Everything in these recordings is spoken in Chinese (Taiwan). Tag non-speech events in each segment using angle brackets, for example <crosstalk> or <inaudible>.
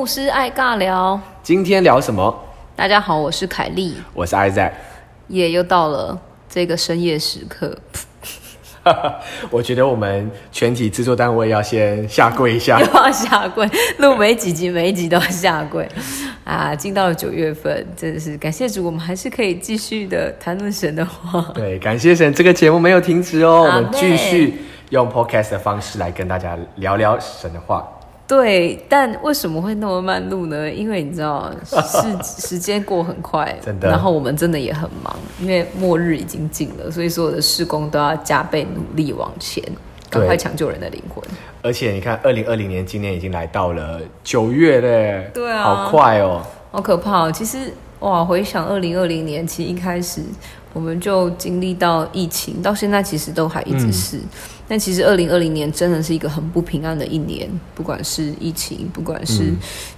牧師愛尬聊，今天聊什麼？大家好，我是凱莉，我是艾仔。也、yeah, 又到了這個深夜時刻，哈哈！我覺得我們全體制作單位要先下跪一下，又要下跪，錄每幾集每一集都要下跪啊！進、uh, 到了九月份，真的是感謝主，我們還是可以繼續的談論神的話。對，感謝神，這個節目沒有停止哦，我們繼續用 Podcast 的方式來跟大家聊聊神的話。對，但為什麼會那麼慢錄呢？因為你知道，時時間過很快， <laughs> 然後我們真的也很忙，因為末日已經近了，所以所有的事工都要加倍努力往前，趕快搶救人的靈魂。而且你看，二零二零年今年已經來到了九月嘞，對啊，好快哦，好可怕哦。其實哇，回想二零二零年，其實一開始。我們就經歷到疫情，到現在其實都還一直是。嗯，但其實二零二零年真的是一個很不平安的一年，不管是疫情，不管是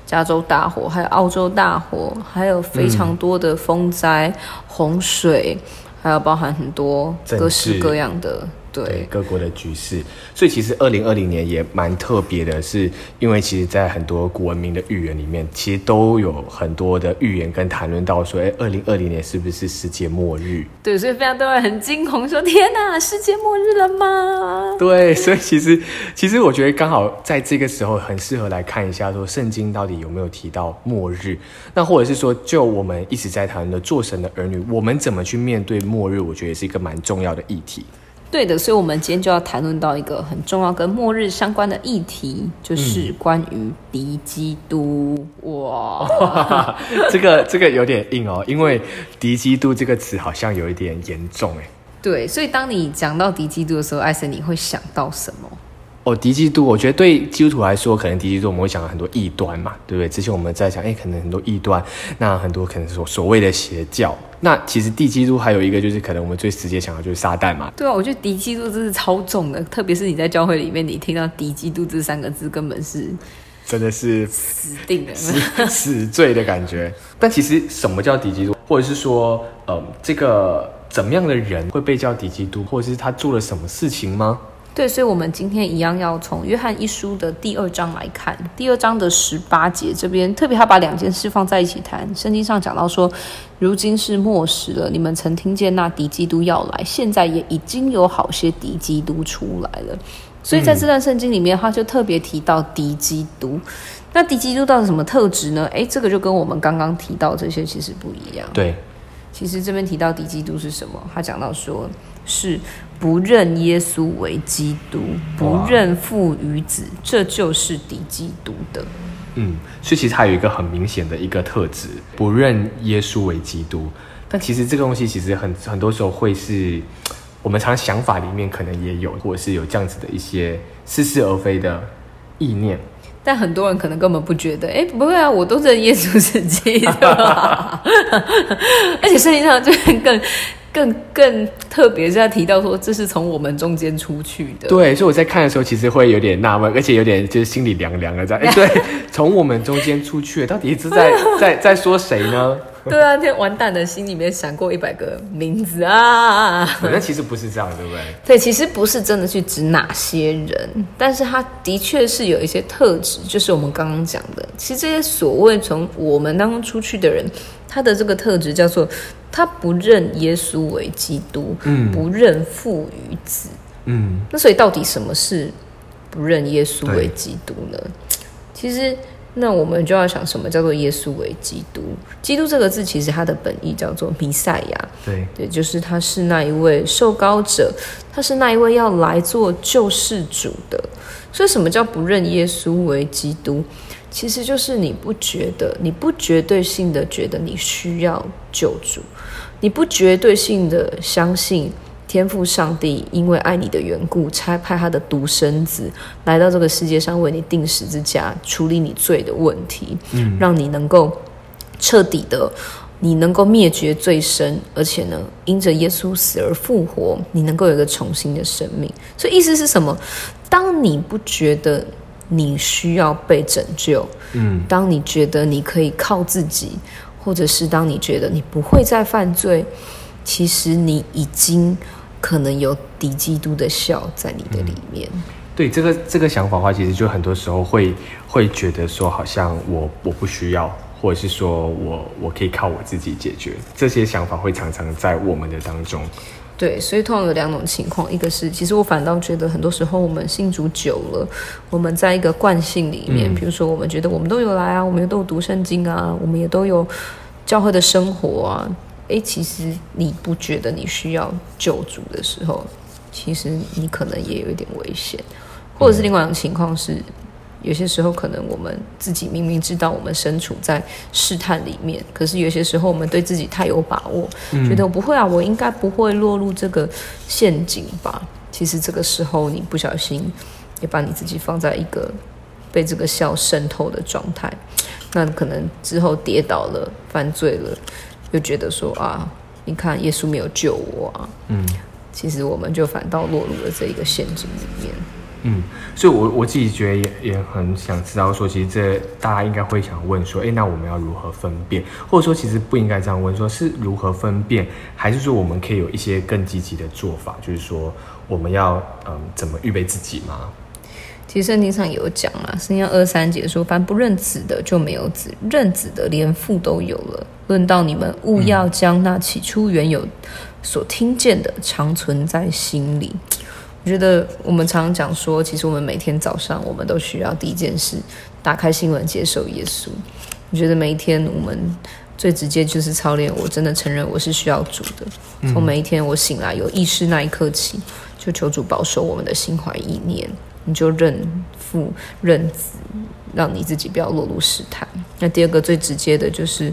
加州大火，嗯，還有澳洲大火，還有非常多的風災、嗯、洪水，還有包含很多各式各樣的。對,對各國的局勢，所以其實二零二零年也蠻特別的是，是因為其實，在很多古文明的預言裡面，其實都有很多的預言跟談論到說，哎，二零二零年是不是世界末日？對，所以非常多人很驚恐，說天吶，世界末日了嗎？對，所以其實，其實我覺得剛好在這個時候很適合來看一下，說聖經到底有沒有提到末日？那或者是說，就我們一直在談的做神的兒女，我們怎麼去面對末日？我覺得也是一個蠻重要的議題。對的，所以我們今天就要談論到一個很重要跟末日相關的議題，就是關於敵基督。嗯、哇， <laughs> 這個這個有點硬哦，因為敵基督這個詞好像有一點嚴重哎。對，所以當你講到敵基督的時候，艾森你會想到什麼？哦，敵基督，我覺得對基督徒來說，可能敵基督我們會想到很多異端嘛，對不對？之前我們在想，哎，可能很多異端，那很多可能是所,所謂的邪教，那其實敵基督還有一個就是，可能我們最直接想到就是撒旦嘛。對啊，我覺得敵基督真是超重的，特別是你在教會裡面，你聽到敵基督這三個字，根本是真的是死定了死，死罪的感覺。 <laughs> 但其實什麼叫敵基督，或者是說，嗯、呃，這個怎麼樣的人會被叫敵基督，或者是他做了什麼事情嗎？對，所以，我們今天一樣要從約翰一書的第二章來看，第二章的十八節這邊特別他把兩件事放在一起談。聖經上講到說，如今是末時了，你們曾聽見那敵基督要來，現在也已經有好些敵基督出來了。所以在這段聖經裡面，嗯、他就特別提到敵基督。那敵基督到底什麼特質呢？誒，這個就跟我們剛剛提到這些其實不一樣。對。其實這邊提到敵基督是什麼？他講到說，是不認耶穌為基督，不認父與子，這就是敵基督的。嗯，所以其實他有一個很明顯的一個特質，不認耶穌為基督。但其實這個東西其實很很多時候會是，我們常想法裡面可能也有，或者是有這樣子的一些似是而非的意念。但很多人可能根本不覺得，哎、欸，不會啊，我都是在耶穌時期，對吧？ <laughs> 而且聖經上就是更更更特別是要提到說，這是從我們中間出去的。對，所以我在看的時候，其實會有點納悶，而且有點就是心裡涼涼的，在、 <laughs> 欸、對，從我們中間出去，到底是在在在說誰呢？ <laughs> 對啊，那天完蛋的心裡面想過一百個名字啊！ <laughs> 那其實不是這樣，對不對？對，其實不是真的去指哪些人，但是他的確是有一些特質，就是我們剛剛講的。其實這些所謂從我們當中出去的人，他的這個特質叫做他不認耶穌為基督，嗯，不認父與子，嗯。那所以到底什麼是不認耶穌為基督呢？其實。那我們就要想，什麼叫做耶穌為基督？基督這個字，其實它的本意叫做彌賽亞，對，也就是他是那一位受膏者，他是那一位要來做救世主的。所以，什麼叫不認耶穌為基督？其實就是你不覺得，你不絕對性的覺得你需要救主，你不絕對性的相信。天父上帝，因為愛你的緣故，差派他的獨生子來到這個世界上，為你釘十字架處理你罪的問題，嗯，讓你能夠徹底的，你能夠滅絕罪身，而且呢，因着耶穌死而復活，你能夠有一個重新的生命。所以意思是什麼？當你不覺得你需要被拯救，嗯，當你覺得你可以靠自己，或者是當你覺得你不會再犯罪，其實你已經，可能有敵基督的笑在你的裡面。嗯、對這個這個想法的話，其實就很多時候會會覺得說，好像我我不需要，或者是說我我可以靠我自己解決。這些想法會常常在我們的當中。對，所以通常有兩種情況，一個是其實我反倒覺得很多時候我們信主久了，我們在一個慣性裡面，比、嗯、如說我們覺得我們都有來啊，我們都有讀聖經啊，我們也都有教會的生活啊。誒、欸，其實你不覺得你需要救主的時候，其實你可能也有一點危險，或者是另外一種情況是、嗯，有些時候可能我們自己明明知道我們身處在試探裡面，可是有些時候我們對自己太有把握，嗯、覺得不會啊，我應該不會落入這個陷阱吧？其實這個時候你不小心，也把你自己放在一個被這個笑滲透的狀態，那可能之後跌倒了，犯罪了。就覺得說啊，你看耶穌沒有救我啊，嗯，其實我們就反倒落入了這一個陷阱裡面，嗯，所以我我自己覺得也也很想知道說，其實這大家應該會想問說，哎、欸，那我們要如何分辨？或者說，其實不應該這樣問說，說是如何分辨，還是說我們可以有一些更積極的做法，就是說我們要嗯怎麼預備自己嗎？其實聖經上有講嘛，聖經二三節說，凡不認子的就沒有子，認子的連父都有了。論到你們，務要將那起初原有所聽見的，常存在心裡。我覺得我們常常講說，其實我們每天早上，我們都需要第一件事，打開新聞，接受耶穌。我覺得每一天，我們最直接就是操練我，真的承認我是需要主的。從每一天我醒來有意識那一刻起，就求主保守我們的心懷意念。你就認父認子，讓你自己不要落入試探。那第二個最直接的就是，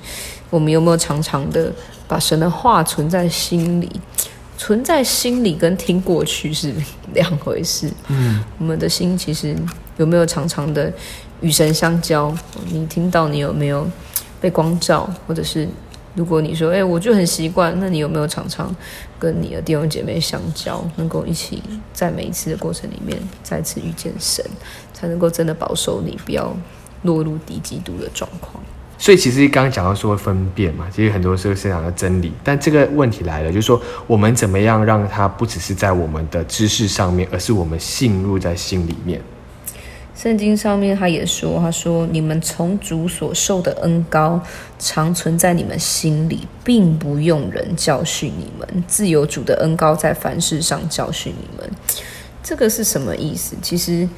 我們有沒有常常的把神的話存在心裡？存在心裡跟聽過去是兩回事。嗯，我們的心其實有沒有常常的與神相交？你聽到你有沒有被光照？或者是如果你說，哎、欸，我就很習慣，那你有沒有常常跟你的弟兄姐妹相交，能夠一起在每一次的過程裡面再次遇見神，才能夠真的保守你，不要。落入敵基督的狀況，所以其實剛剛講到說分辨嘛，其實很多時候是要真理。但這個問題來了，就是說我們怎麼樣讓它不只是在我們的知識上面，而是我們信入在心裡面。聖經上面他也說，他說：“你們從主所受的恩膏，常存在你們心裡，並不用人教訓你們。自有主的恩膏在凡事上教訓你們。”這個是什麼意思？其實。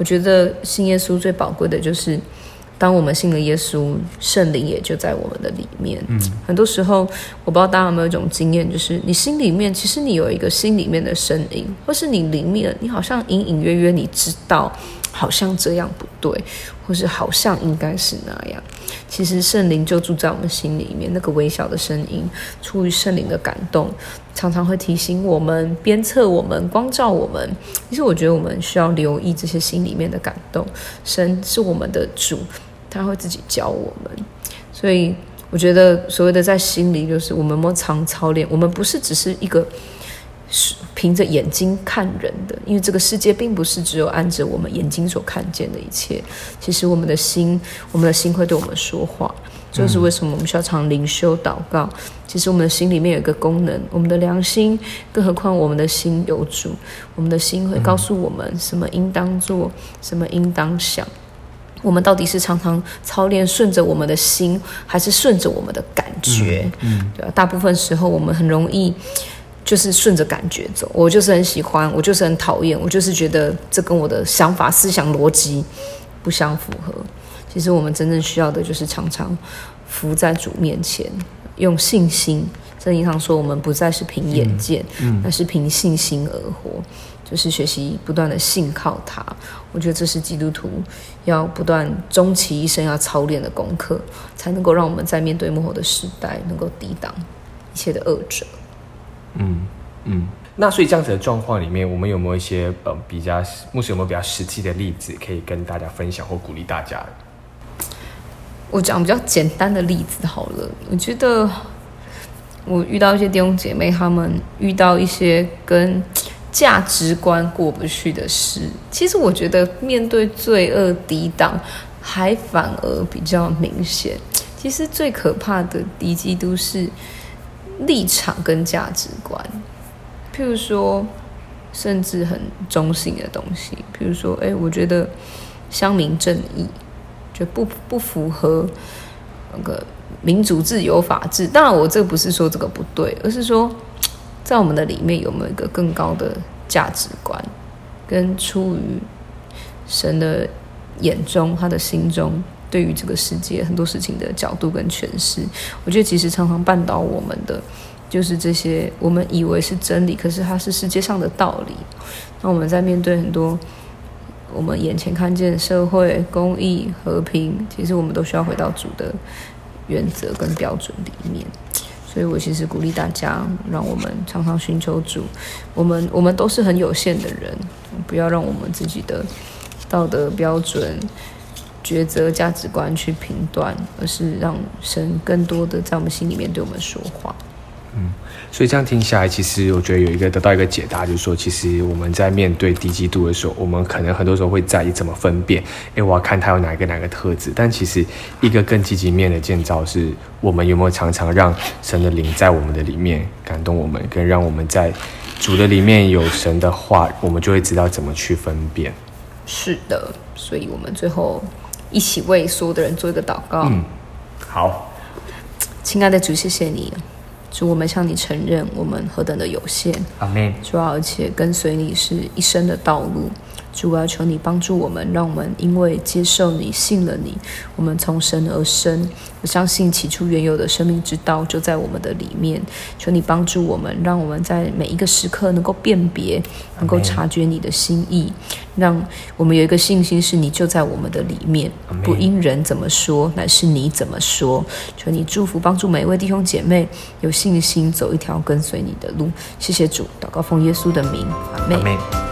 我覺得信耶穌最寶貴的就是，當我們信了耶穌，聖靈也就在我們的裡面。嗯，很多時候我不知道大家有沒有一種經驗，就是你心裡面其實你有一個心裡面的聲音，或是你靈面，你好像隱隱約約你知道好像這樣不對，或是好像應該是那樣。其實聖靈就住在我們心裡面，那個微小的聲音，出於聖靈的感動，常常會提醒我們、鞭策我們、光照我們。其實我覺得我們需要留意這些心裡面的感動。神是我們的主，他會自己教我們。所以我覺得所謂的在心裡，就是我們要常操練。我們不是只是一個。是憑着眼睛看人的，因為這個世界並不是只有按着我們眼睛所看見的一切。其實我們的心，我們的心會對我們說話。這、嗯就是為什麼我們需要常靈修、禱告。其實我們的心裡面有一個功能，我們的良心。更何況我們的心有主，我們的心會告訴我們什麼應當做、嗯，什麼應當想。我們到底是常常操練順着我們的心，還是順着我們的感覺？嗯，對啊，大部分時候我們很容易。就是順着感覺走，我就是很喜歡，我就是很討厭，我就是覺得這跟我的想法、思想、邏輯不相符合。其實我們真正需要的就是常常伏在主面前，用信心。聖經上說，我們不再是憑眼見，嗯嗯、而是憑信心而活。就是學習不斷的信靠他。我覺得這是基督徒要不斷終其一生要操練的功課，才能夠讓我們在面對末後的時代，能夠抵擋一切的惡者。那所以這樣子的狀況裡面，我們有沒有一些嗯比較，目前有沒有比較實際的例子可以跟大家分享或鼓勵大家？我講比較簡單的例子好了。我覺得我遇到一些弟兄姐妹，他們遇到一些跟價值觀過不去的事。其實我覺得面對罪惡抵擋，還反而比較明顯。其實最可怕的敵基督是立場跟價值觀。譬如說，甚至很中性的東西，譬如說，哎、欸，我覺得，鄉民正義就不不符合那個民主、自由、法治。當然，我這不是說這個不對，而是說，在我們的裡面有沒有一個更高的價值觀，跟出於神的眼中、他的心中對於這個世界很多事情的角度跟詮釋。我覺得，其實常常絆倒我們的，就是這些，我們以為是真理，可是它是世界上的道理。那我們在面對很多我們眼前看見的社會、公義、和平，其實我們都需要回到主的原則跟標準裡面。所以我其實鼓勵大家，讓我們常常尋求主。我們我們都是很有限的人，不要讓我們自己的道德標準、抉擇、價值觀去評斷，而是讓神更多的在我們心裡面對我們說話。嗯，所以這樣聽起來，其實我覺得有一個得到一個解答，就是說，其實我們在面對敵基督的時候，我們可能很多時候會在意怎麼分辨。哎，我要看他有哪一個哪一個特質。但其實，一個更積極面的建造是，是我們有沒有常常讓神的靈在我們的裡面感動我們，跟讓我們在主的裡面有神的話，我們就會知道怎麼去分辨。是的，所以我們最後一起為所有的人做一個禱告。嗯，好，親愛的主，謝謝你。主，我們向你承認，我們何等的有限。Amen. 主要、啊、而且跟隨你是一生的道路。主啊，求你幫助我們，讓我們因為接受你、信了你，我們從神而生。我相信起初原有的生命之道就在我們的裡面。求你幫助我們，讓我們在每一個時刻能夠辨別，能夠察覺你的心意，讓我們有一個信心，是你就在我們的裡面，不因人怎麼說，乃是你怎麼說。求你祝福幫助每一位弟兄姐妹，有信心走一條跟隨你的路。謝謝主，禱告奉耶穌的名，阿門。阿們。